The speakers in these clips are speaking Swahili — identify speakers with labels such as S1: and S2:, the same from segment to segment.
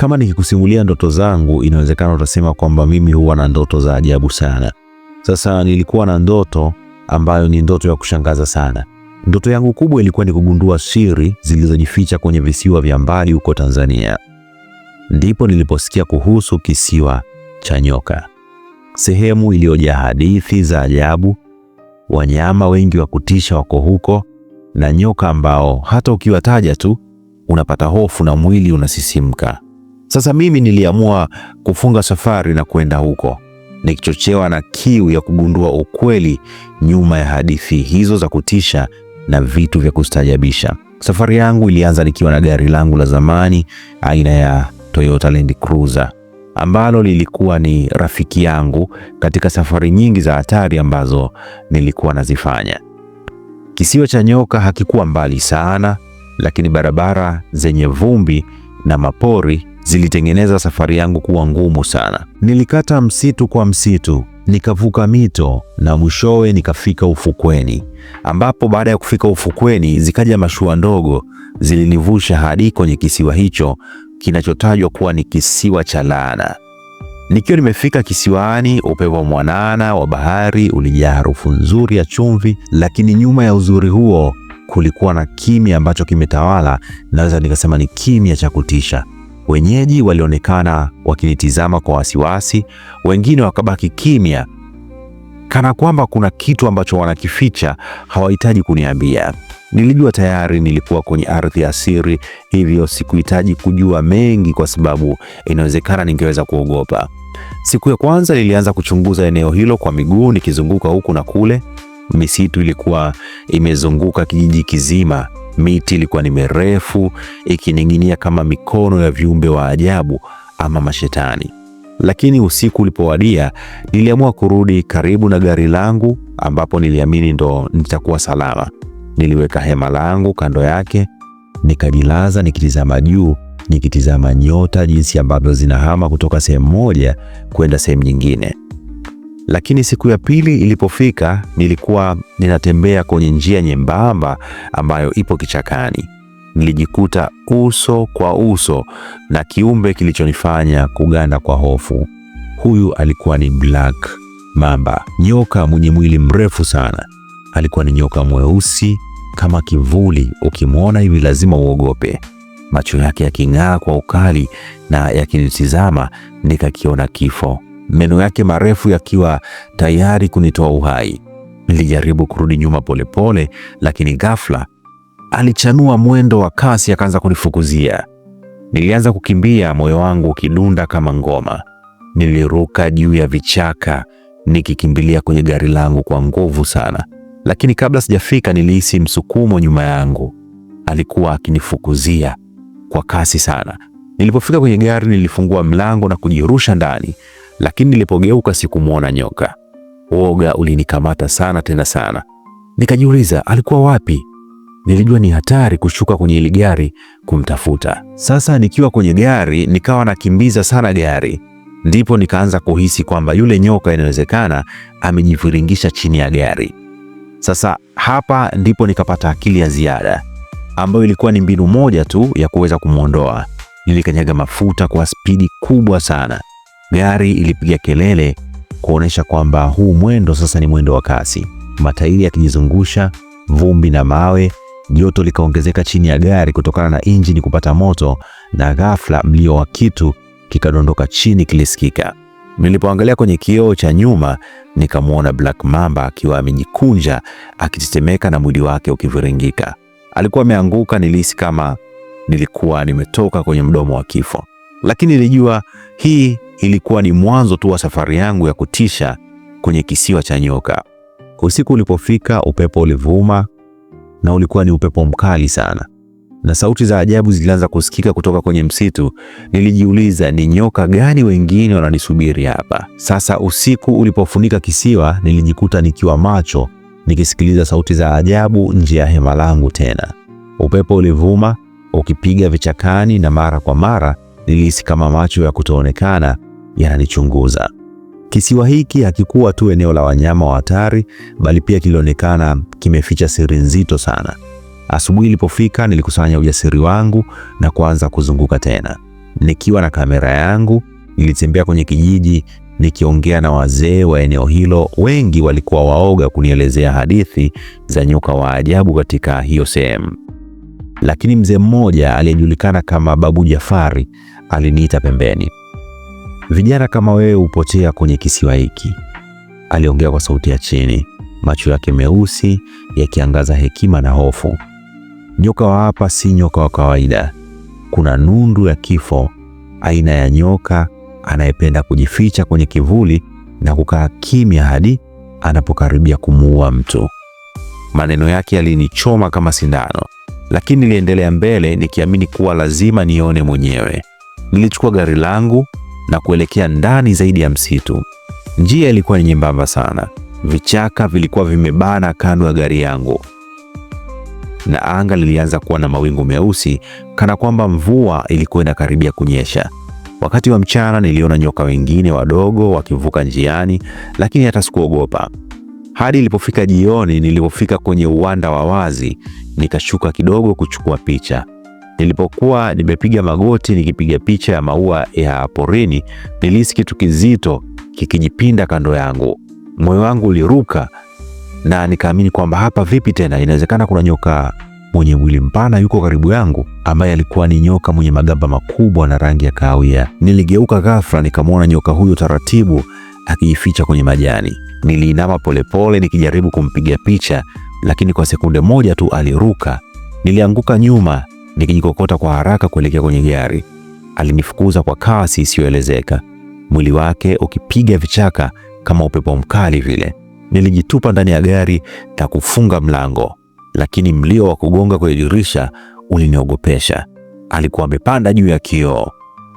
S1: Kama nikikusimulia ndoto zangu, inawezekana utasema kwamba mimi huwa na ndoto za ajabu sana. Sasa nilikuwa na ndoto ambayo ni ndoto ya kushangaza sana. Ndoto yangu kubwa ilikuwa ni kugundua siri zilizojificha kwenye visiwa vya mbali huko Tanzania. Ndipo niliposikia kuhusu kisiwa cha nyoka, sehemu iliyojaa hadithi za ajabu. Wanyama wengi wa kutisha wako huko na nyoka ambao hata ukiwataja tu unapata hofu na mwili unasisimka. Sasa mimi niliamua kufunga safari na kwenda huko, nikichochewa na kiu ya kugundua ukweli nyuma ya hadithi hizo za kutisha na vitu vya kustajabisha. Safari yangu ilianza nikiwa na gari langu la zamani aina ya Toyota Land Cruiser ambalo lilikuwa ni rafiki yangu katika safari nyingi za hatari ambazo nilikuwa nazifanya. Kisiwa cha nyoka hakikuwa mbali sana, lakini barabara zenye vumbi na mapori zilitengeneza safari yangu kuwa ngumu sana. Nilikata msitu kwa msitu, nikavuka mito na mwishowe nikafika ufukweni, ambapo baada ya kufika ufukweni zikaja mashua ndogo zilinivusha hadi kwenye kisiwa hicho kinachotajwa kuwa ni kisiwa cha laana. Nikiwa nimefika kisiwani, upepo mwanana wa bahari ulijaa harufu nzuri ya chumvi, lakini nyuma ya uzuri huo kulikuwa na kimya ambacho kimetawala, naweza nikasema ni kimya cha kutisha. Wenyeji walionekana wakinitizama kwa wasiwasi, wengine wakabaki kimya, kana kwamba kuna kitu ambacho wanakificha, hawahitaji kuniambia. Nilijua tayari nilikuwa kwenye ardhi ya siri, hivyo sikuhitaji kujua mengi, kwa sababu inawezekana ningeweza kuogopa. Siku ya kwanza nilianza kuchunguza eneo hilo kwa miguu, nikizunguka huku na kule. Misitu ilikuwa imezunguka kijiji kizima, Miti ilikuwa ni mirefu ikining'inia kama mikono ya viumbe wa ajabu ama mashetani. Lakini usiku ulipowadia, niliamua kurudi karibu na gari langu ambapo niliamini ndo nitakuwa salama. Niliweka hema langu kando yake, nikajilaza nikitizama juu, nikitizama nyota jinsi ambavyo zinahama kutoka sehemu moja kwenda sehemu nyingine. Lakini siku ya pili ilipofika, nilikuwa ninatembea kwenye njia nyembamba ambayo ipo kichakani. Nilijikuta uso kwa uso na kiumbe kilichonifanya kuganda kwa hofu. Huyu alikuwa ni black mamba, nyoka mwenye mwili mrefu sana. Alikuwa ni nyoka mweusi kama kivuli, ukimwona hivi lazima uogope. Macho yake yaking'aa kwa ukali na yakinitizama, nikakiona kifo meno yake marefu yakiwa tayari kunitoa uhai. Nilijaribu kurudi nyuma polepole pole, lakini ghafla alichanua mwendo wa kasi akaanza kunifukuzia. Nilianza kukimbia, moyo wangu ukidunda kama ngoma. Niliruka juu ya vichaka nikikimbilia kwenye gari langu kwa nguvu sana, lakini kabla sijafika nilihisi msukumo nyuma yangu. Alikuwa akinifukuzia kwa kasi sana. Nilipofika kwenye gari, nilifungua mlango na kujirusha ndani lakini nilipogeuka sikumwona nyoka. Woga ulinikamata sana tena sana, nikajiuliza alikuwa wapi. Nilijua ni hatari kushuka kwenye ile gari kumtafuta. Sasa nikiwa kwenye gari, nikawa nakimbiza sana gari, ndipo nikaanza kuhisi kwamba yule nyoka inawezekana amejiviringisha chini ya gari. Sasa hapa ndipo nikapata akili ya ziada ambayo ilikuwa ni mbinu moja tu ya kuweza kumwondoa. Nilikanyaga mafuta kwa spidi kubwa sana, Gari ilipiga kelele kuonesha kwamba huu mwendo sasa ni mwendo wa kasi, matairi yakijizungusha, vumbi na mawe. Joto likaongezeka chini ya gari kutokana na injini kupata moto, na ghafla mlio wa kitu kikadondoka chini kilisikika. Nilipoangalia kwenye kioo cha nyuma, nikamwona Black Mamba akiwa amejikunja, akitetemeka na mwili wake ukiviringika. Alikuwa ameanguka. Nilihisi kama nilikuwa nimetoka kwenye mdomo wa kifo, lakini nilijua hii Ilikuwa ni mwanzo tu wa safari yangu ya kutisha kwenye kisiwa cha nyoka. Usiku ulipofika, upepo ulivuma na ulikuwa ni upepo mkali sana, na sauti za ajabu zilianza kusikika kutoka kwenye msitu. Nilijiuliza, ni nyoka gani wengine wananisubiri hapa sasa? Usiku ulipofunika kisiwa, nilijikuta nikiwa macho, nikisikiliza sauti za ajabu nje ya hema langu tena. Upepo ulivuma ukipiga vichakani, na mara kwa mara nilihisi kama macho ya kutoonekana yananichunguza. Kisiwa hiki hakikuwa tu eneo la wanyama wa hatari, bali pia kilionekana kimeficha siri nzito sana. Asubuhi ilipofika, nilikusanya ujasiri wangu na kuanza kuzunguka tena. Nikiwa na kamera yangu, nilitembea kwenye kijiji nikiongea na wazee wa eneo hilo. Wengi walikuwa waoga kunielezea hadithi za nyoka wa ajabu katika hiyo sehemu, lakini mzee mmoja aliyejulikana kama Babu Jafari aliniita pembeni. Vijana kama wewe hupotea kwenye kisiwa hiki, aliongea kwa sauti ya chini, macho yake meusi yakiangaza hekima na hofu. Nyoka wa hapa si nyoka wa kawaida. Kuna nundu ya kifo, aina ya nyoka anayependa kujificha kwenye kivuli na kukaa kimya hadi anapokaribia kumuua mtu. Maneno yake yalinichoma kama sindano, lakini niliendelea mbele nikiamini kuwa lazima nione mwenyewe. Nilichukua gari langu na kuelekea ndani zaidi ya msitu. Njia ilikuwa ni nyembamba sana, vichaka vilikuwa vimebana kando ya gari yangu, na anga lilianza kuwa na mawingu meusi, kana kwamba mvua ilikuwa inakaribia kunyesha. Wakati wa mchana niliona nyoka wengine wadogo wakivuka njiani, lakini hata sikuogopa hadi ilipofika jioni. Nilipofika kwenye uwanda wa wazi, nikashuka kidogo kuchukua picha. Nilipokuwa nimepiga magoti nikipiga picha ya maua ya porini, nilihisi kitu kizito kikijipinda kando yangu. Moyo wangu uliruka na nikaamini kwamba hapa vipi tena, inawezekana kuna nyoka mwenye mwili mpana yuko karibu yangu, ambaye alikuwa ni nyoka mwenye magamba makubwa na rangi ya kahawia. Niligeuka ghafla, nikamwona nyoka huyo taratibu akijificha kwenye majani. Niliinama polepole nikijaribu kumpiga picha, lakini kwa sekunde moja tu aliruka. Nilianguka nyuma nikijikokota kwa haraka kuelekea kwenye gari. Alinifukuza kwa kasi isiyoelezeka, mwili wake ukipiga vichaka kama upepo mkali vile. Nilijitupa ndani ya gari na kufunga mlango, lakini mlio wa kugonga kwenye dirisha uliniogopesha. Alikuwa amepanda juu ya kioo.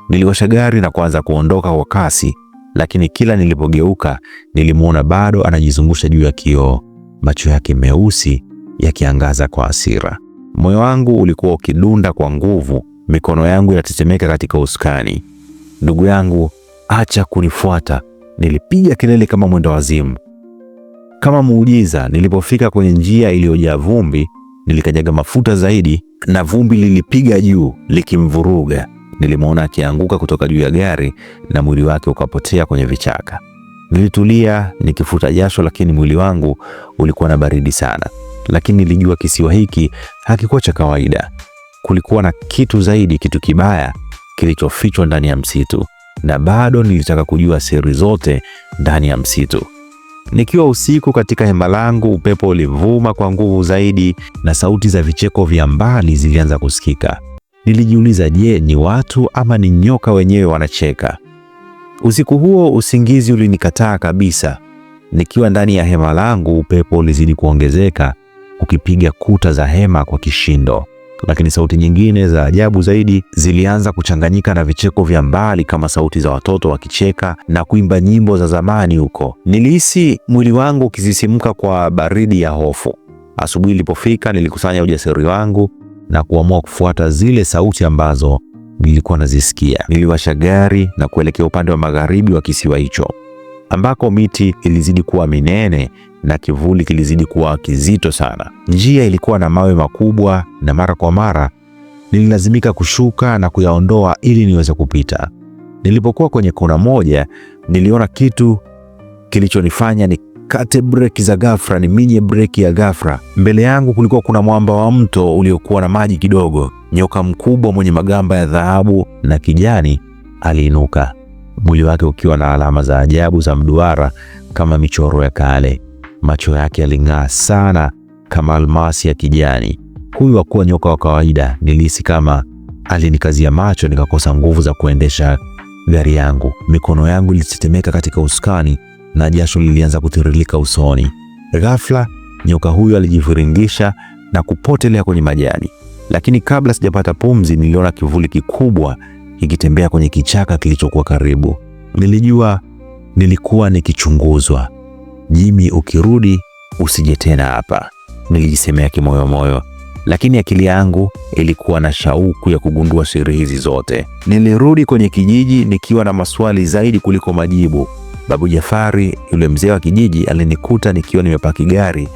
S1: Niliwasha gari na kuanza kuondoka kwa kasi, lakini kila nilipogeuka nilimwona bado anajizungusha juu ya kioo, macho yake meusi yakiangaza kwa hasira. Moyo wangu ulikuwa ukidunda kwa nguvu, mikono yangu inatetemeka katika usukani. Ndugu yangu, acha kunifuata, nilipiga kelele kama mwendo wazimu. Kama muujiza, nilipofika kwenye njia iliyojaa vumbi, nilikanyaga mafuta zaidi na vumbi lilipiga juu likimvuruga. Nilimwona akianguka kutoka juu ya gari na mwili wake ukapotea kwenye vichaka. Nilitulia nikifuta jasho, lakini mwili wangu ulikuwa na baridi sana lakini nilijua kisiwa hiki hakikuwa cha kawaida. Kulikuwa na kitu zaidi, kitu kibaya kilichofichwa ndani ya msitu, na bado nilitaka kujua siri zote ndani ya msitu. Nikiwa usiku katika hema langu, upepo ulivuma kwa nguvu zaidi na sauti za vicheko vya mbali zilianza kusikika. Nilijiuliza, je, ni watu ama ni nyoka wenyewe wanacheka? Usiku huo usingizi ulinikataa kabisa. Nikiwa ndani ya hema langu, upepo ulizidi kuongezeka kukipiga kuta za hema kwa kishindo. Lakini sauti nyingine za ajabu zaidi zilianza kuchanganyika na vicheko vya mbali kama sauti za watoto wakicheka na kuimba nyimbo za zamani huko. Nilihisi mwili wangu ukisisimka kwa baridi ya hofu. Asubuhi ilipofika, nilikusanya ujasiri wangu na kuamua kufuata zile sauti ambazo nilikuwa nazisikia. Niliwasha gari na kuelekea upande wa magharibi wa kisiwa hicho ambako miti ilizidi kuwa minene na kivuli kilizidi kuwa kizito sana. Njia ilikuwa na mawe makubwa na mara kwa mara nililazimika kushuka na kuyaondoa ili niweze kupita. Nilipokuwa kwenye kona moja, niliona kitu kilichonifanya kate breki za ghafla, minye breki ya ghafla. Mbele yangu kulikuwa kuna mwamba wa mto uliokuwa na maji kidogo. Nyoka mkubwa mwenye magamba ya dhahabu na kijani aliinuka, mwili wake ukiwa na alama za ajabu za mduara kama michoro ya kale macho yake yaling'aa sana kama almasi ya kijani. Huyu hakuwa nyoka wa kawaida, nilihisi kama alinikazia macho, nikakosa nguvu za kuendesha gari yangu. Mikono yangu ilitetemeka katika usukani na jasho lilianza kutiririka usoni. Ghafla nyoka huyu alijiviringisha na kupotelea kwenye majani, lakini kabla sijapata pumzi, niliona kivuli kikubwa ikitembea kwenye kichaka kilichokuwa karibu. Nilijua nilikuwa nikichunguzwa. Jimmy, ukirudi usije tena hapa, nilijisemea kimoyomoyo, lakini akili yangu ilikuwa na shauku ya kugundua siri hizi zote. Nilirudi kwenye kijiji nikiwa na maswali zaidi kuliko majibu. Babu Jafari, yule mzee wa kijiji, alinikuta nikiwa nimepaki gari,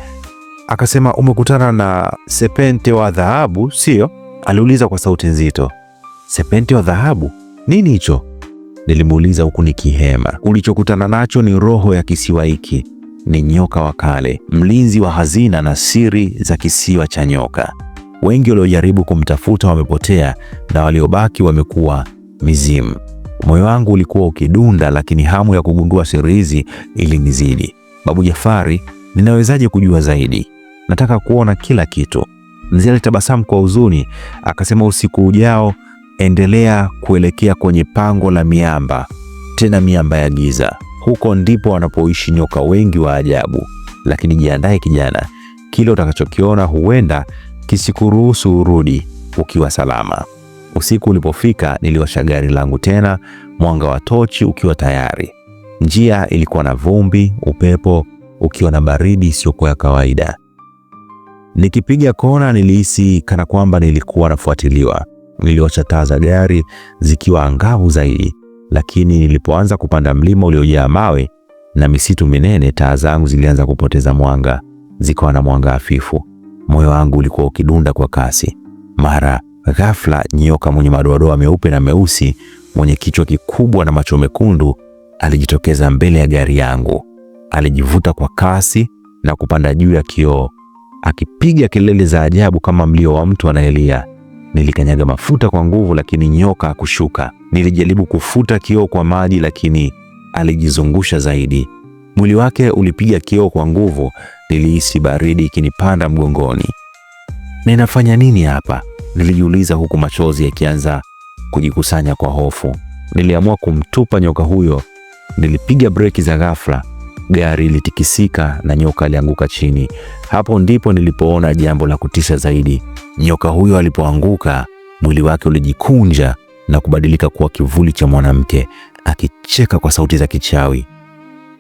S1: akasema, umekutana na Sepente wa dhahabu sio? aliuliza kwa sauti nzito. Sepente wa dhahabu, nini hicho? nilimuuliza huku nikihema. Ulichokutana nacho ni roho ya kisiwa hiki ni nyoka wa kale, mlinzi wa hazina na siri za kisiwa cha nyoka. Wengi waliojaribu kumtafuta wamepotea na waliobaki wamekuwa mizimu. Moyo wangu ulikuwa ukidunda, lakini hamu ya kugundua siri hizi ilinizidi. Babu Jafari, ninawezaje kujua zaidi? Nataka kuona kila kitu. Mzee alitabasamu kwa huzuni, akasema, usiku ujao endelea kuelekea kwenye pango la miamba, tena miamba ya giza. Huko ndipo wanapoishi nyoka wengi wa ajabu. Lakini jiandae kijana, kile utakachokiona huenda kisikuruhusu urudi ukiwa salama. Usiku ulipofika, niliwasha gari langu tena, mwanga wa tochi ukiwa tayari. Njia ilikuwa na vumbi, upepo ukiwa na baridi isiyokuwa ya kawaida. Nikipiga kona, nilihisi kana kwamba nilikuwa nafuatiliwa. Niliwasha taa za gari zikiwa angavu zaidi, lakini nilipoanza kupanda mlima uliojaa mawe na misitu minene, taa zangu zilianza kupoteza mwanga, zikawa na mwanga hafifu. Moyo wangu ulikuwa ukidunda kwa kasi. Mara ghafla, nyoka mwenye madoadoa meupe na meusi, mwenye kichwa kikubwa na macho mekundu, alijitokeza mbele ya gari yangu. Alijivuta kwa kasi na kupanda juu ya kioo, akipiga kelele za ajabu kama mlio wa mtu anayelia. Nilikanyaga mafuta kwa nguvu, lakini nyoka hakushuka. Nilijaribu kufuta kioo kwa maji, lakini alijizungusha zaidi. Mwili wake ulipiga kioo kwa nguvu. Nilihisi baridi ikinipanda mgongoni. Ninafanya nini hapa? Nilijiuliza, huku machozi yakianza kujikusanya kwa hofu. Niliamua kumtupa nyoka huyo. Nilipiga breki za ghafla, gari litikisika na nyoka alianguka chini. Hapo ndipo nilipoona jambo la kutisha zaidi. Nyoka huyo alipoanguka, mwili wake ulijikunja na kubadilika kuwa kivuli cha mwanamke akicheka kwa sauti za kichawi.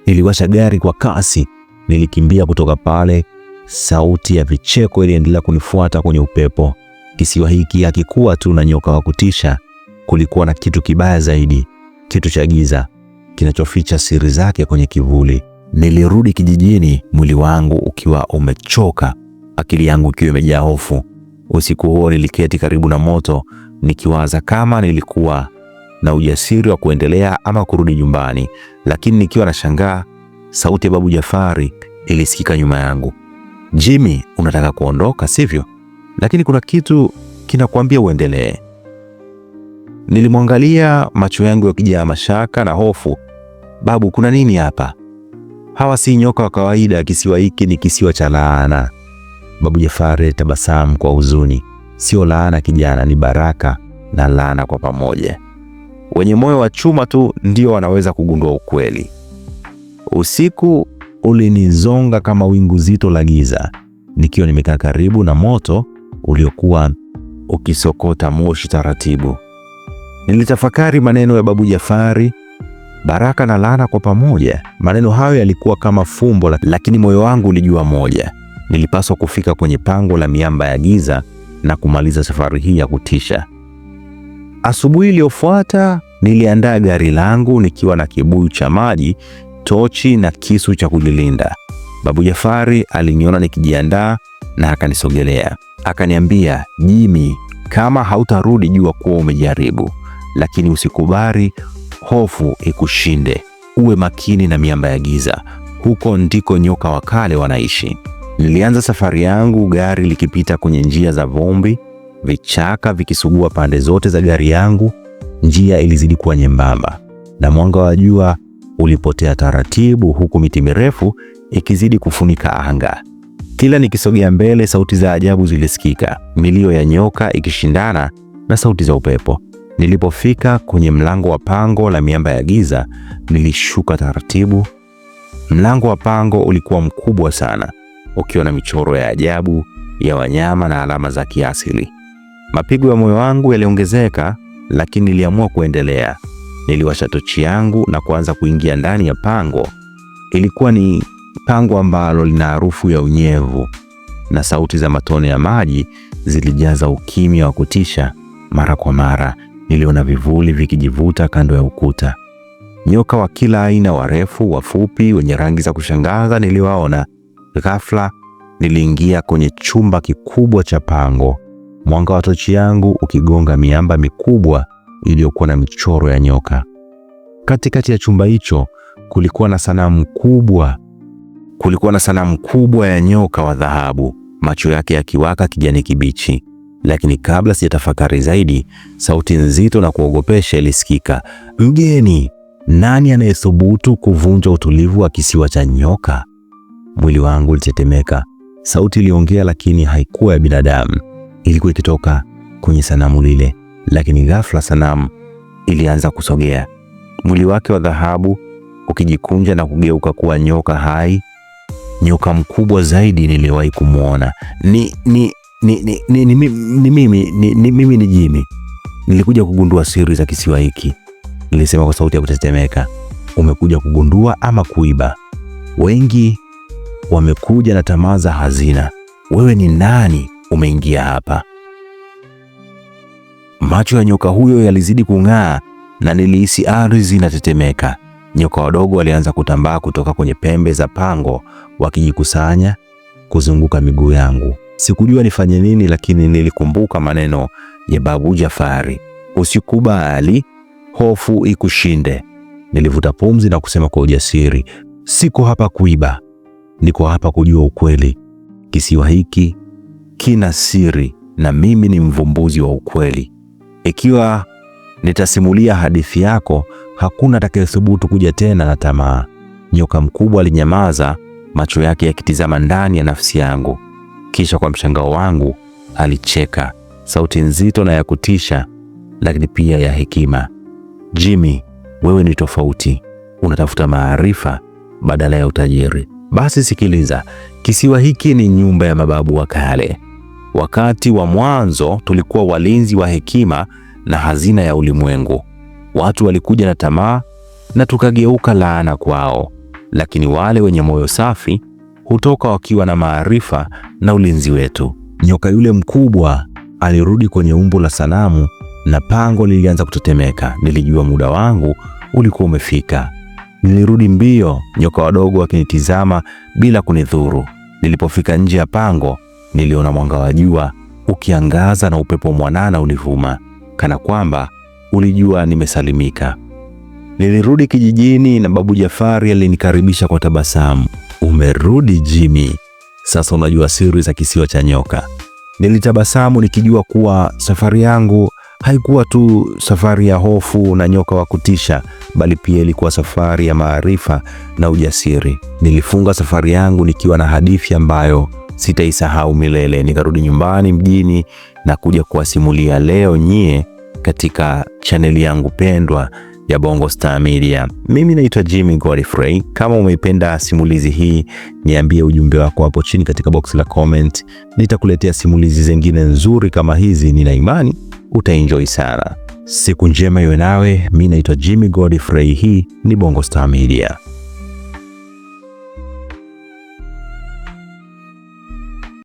S1: Niliwasha gari kwa kasi, nilikimbia kutoka pale. Sauti ya vicheko iliendelea kunifuata kwenye upepo. Kisiwa hiki hakikuwa tu na nyoka wa kutisha, kulikuwa na kitu kibaya zaidi, kitu cha giza kinachoficha siri zake kwenye kivuli. Nilirudi kijijini, mwili wangu ukiwa umechoka, akili yangu ikiwa imejaa hofu. Usiku huo niliketi karibu na moto nikiwaza kama nilikuwa na ujasiri wa kuendelea ama kurudi nyumbani, lakini nikiwa nashangaa, sauti ya Babu Jafari ilisikika nyuma yangu. Jimmy, unataka kuondoka sivyo? Lakini kuna kitu kinakuambia uendelee. Nilimwangalia, macho yangu yakijaa mashaka na hofu. Babu, kuna nini hapa? Hawa si nyoka wa kawaida. Kisiwa hiki ni kisiwa cha laana. Babu Jafari tabasamu kwa huzuni. Sio laana kijana, ni baraka na laana kwa pamoja. Wenye moyo wa chuma tu ndio wanaweza kugundua ukweli. Usiku ulinizonga kama wingu zito la giza, nikiwa nimekaa karibu na moto uliokuwa ukisokota moshi taratibu. Nilitafakari maneno ya Babu Jafari, baraka na laana kwa pamoja. Maneno hayo yalikuwa kama fumbo, lakini moyo wangu ulijua moja: nilipaswa kufika kwenye pango la miamba ya giza na kumaliza safari hii ya kutisha. Asubuhi iliyofuata niliandaa gari langu nikiwa na kibuyu cha maji, tochi na kisu cha kujilinda. Babu Jafari aliniona nikijiandaa na akanisogelea, akaniambia, Jimmy, kama hautarudi jua kuwa umejaribu, lakini usikubali hofu ikushinde. Uwe makini na miamba ya giza, huko ndiko nyoka wa kale wanaishi. Nilianza safari yangu, gari likipita kwenye njia za vumbi, vichaka vikisugua pande zote za gari yangu. Njia ilizidi kuwa nyembamba na mwanga wa jua ulipotea taratibu, huku miti mirefu ikizidi kufunika anga. Kila nikisogea mbele, sauti za ajabu zilisikika, milio ya nyoka ikishindana na sauti za upepo. Nilipofika kwenye mlango wa pango la miamba ya giza, nilishuka taratibu. Mlango wa pango ulikuwa mkubwa sana, ukiwa na michoro ya ajabu ya wanyama na alama za kiasili. Mapigo ya moyo wangu yaliongezeka, lakini niliamua kuendelea. Niliwasha tochi yangu na kuanza kuingia ndani ya pango. Ilikuwa ni pango ambalo lina harufu ya unyevu na sauti za matone ya maji zilijaza ukimya wa kutisha. Mara kwa mara niliona vivuli vikijivuta kando ya ukuta. Nyoka wa kila aina, warefu, wafupi, wenye rangi za kushangaza niliwaona, Ghafla niliingia kwenye chumba kikubwa cha pango, mwanga wa tochi yangu ukigonga miamba mikubwa iliyokuwa na michoro ya nyoka. Katikati ya chumba hicho kulikuwa na sanamu kubwa, kulikuwa na sanamu kubwa ya nyoka wa dhahabu, macho yake yakiwaka kijani kibichi. Lakini kabla sijatafakari zaidi, sauti nzito na kuogopesha ilisikika: mgeni, nani anayethubutu kuvunja utulivu wa kisiwa cha nyoka? Mwili wangu ulitetemeka. Sauti iliongea, lakini haikuwa ya binadamu, ilikuwa ikitoka kwenye sanamu lile. Lakini ghafla sanamu ilianza kusogea, mwili wake wa dhahabu ukijikunja na kugeuka kuwa nyoka hai, nyoka mkubwa zaidi niliwahi kumwona. Ni ni ni ni, ni, ni, ni, mimi, ni, ni mimi ni Jimmy. Nilikuja kugundua siri za kisiwa hiki, nilisema kwa sauti ya kutetemeka. Umekuja kugundua ama kuiba? Wengi wamekuja na tamaa za hazina. Wewe ni nani? Umeingia hapa? Macho ya nyoka huyo yalizidi kung'aa na nilihisi ardhi inatetemeka. Nyoka wadogo walianza kutambaa kutoka kwenye pembe za pango, wakijikusanya kuzunguka miguu yangu. Sikujua nifanye nini, lakini nilikumbuka maneno ya Babu Jafari, usikubali hofu ikushinde. Nilivuta pumzi na kusema kwa ujasiri, siko hapa kuiba, niko hapa kujua ukweli. Kisiwa hiki kina siri na mimi ni mvumbuzi wa ukweli. Ikiwa nitasimulia hadithi yako, hakuna atakayethubutu kuja tena na tamaa. Nyoka mkubwa alinyamaza, macho yake yakitizama ndani ya nafsi yangu. Kisha kwa mshangao wangu alicheka, sauti nzito na ya kutisha, lakini pia ya hekima. Jimmy, wewe ni tofauti. Unatafuta maarifa badala ya utajiri. Basi sikiliza, kisiwa hiki ni nyumba ya mababu wa kale. Wakati wa mwanzo tulikuwa walinzi wa hekima na hazina ya ulimwengu. Watu walikuja na tamaa na tukageuka laana kwao, lakini wale wenye moyo safi hutoka wakiwa na maarifa na ulinzi wetu. Nyoka yule mkubwa alirudi kwenye umbo la sanamu na pango lilianza kutetemeka. Nilijua muda wangu ulikuwa umefika. Nilirudi mbio, nyoka wadogo wakinitizama bila kunidhuru. Nilipofika nje ya pango, niliona mwanga wa jua ukiangaza na upepo mwanana univuma, kana kwamba ulijua nimesalimika. Nilirudi kijijini na Babu Jafari alinikaribisha kwa tabasamu. Umerudi Jimmy, sasa unajua siri za kisiwa cha nyoka. Nilitabasamu nikijua kuwa safari yangu haikuwa tu safari ya hofu na nyoka wa kutisha, bali pia ilikuwa safari ya maarifa na ujasiri. Nilifunga safari yangu nikiwa na hadithi ambayo sitaisahau milele. Nikarudi nyumbani mjini na kuja kuwasimulia leo nyie katika chaneli yangu pendwa ya Bongo Star Media. Mimi naitwa Jimmy Godfrey. Kama umeipenda simulizi hii, niambie ujumbe wako hapo chini katika box la comment. Nitakuletea simulizi zingine nzuri kama hizi, nina imani utaenjoy sana. Siku njema iwe nawe. Mimi naitwa Jimmy Godfrey, hii ni Bongo Star Media.